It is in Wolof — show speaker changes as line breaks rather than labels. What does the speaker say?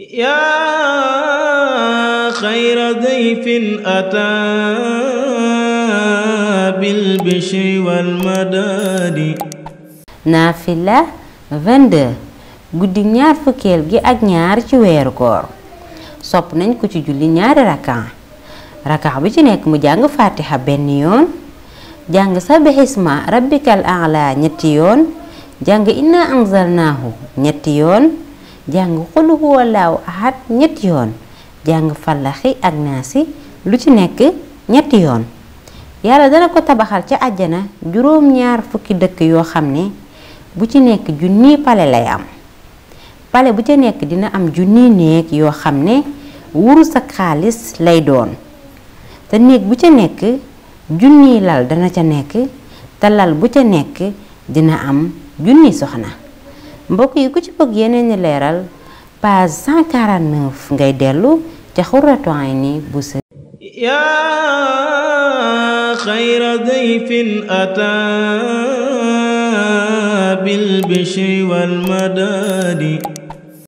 yaa xayra dayfin ataa bil bishri wal madadi
naafila 22 guddi ñaar fukkeel gi ak ñaar ci weeru koor sopp nañ ko ci julli ñaari rakan rakan bi ci nekk mu jàng fatiha benn yoon jàng sabbihisma rabbikal a'la ñetti yoon jàng inna anzalnaahu ñetti yoon jàng xul huwalaahu ñetti yoon jàng falaxi ak naasi lu ci nekk ñetti yoon yàlla dana ko tabaxal ca àjjana juróom ñaar fukki dëkk yoo xam ne bu ci nekk junniy pale lay am pale bu ca nekk dina am junni néeg yoo xam ne wurus ak xaalis lay doon te néeg bu ca nekk junni lal dana ca nekk te lal bu ca nekk dina am junni soxna mbokk yi ku ci bëgg yeneen i leeral page 149 ngay dellu ca xurratu ayni bu sa
yaa xayra dayfin ataa bil bishri wal madadi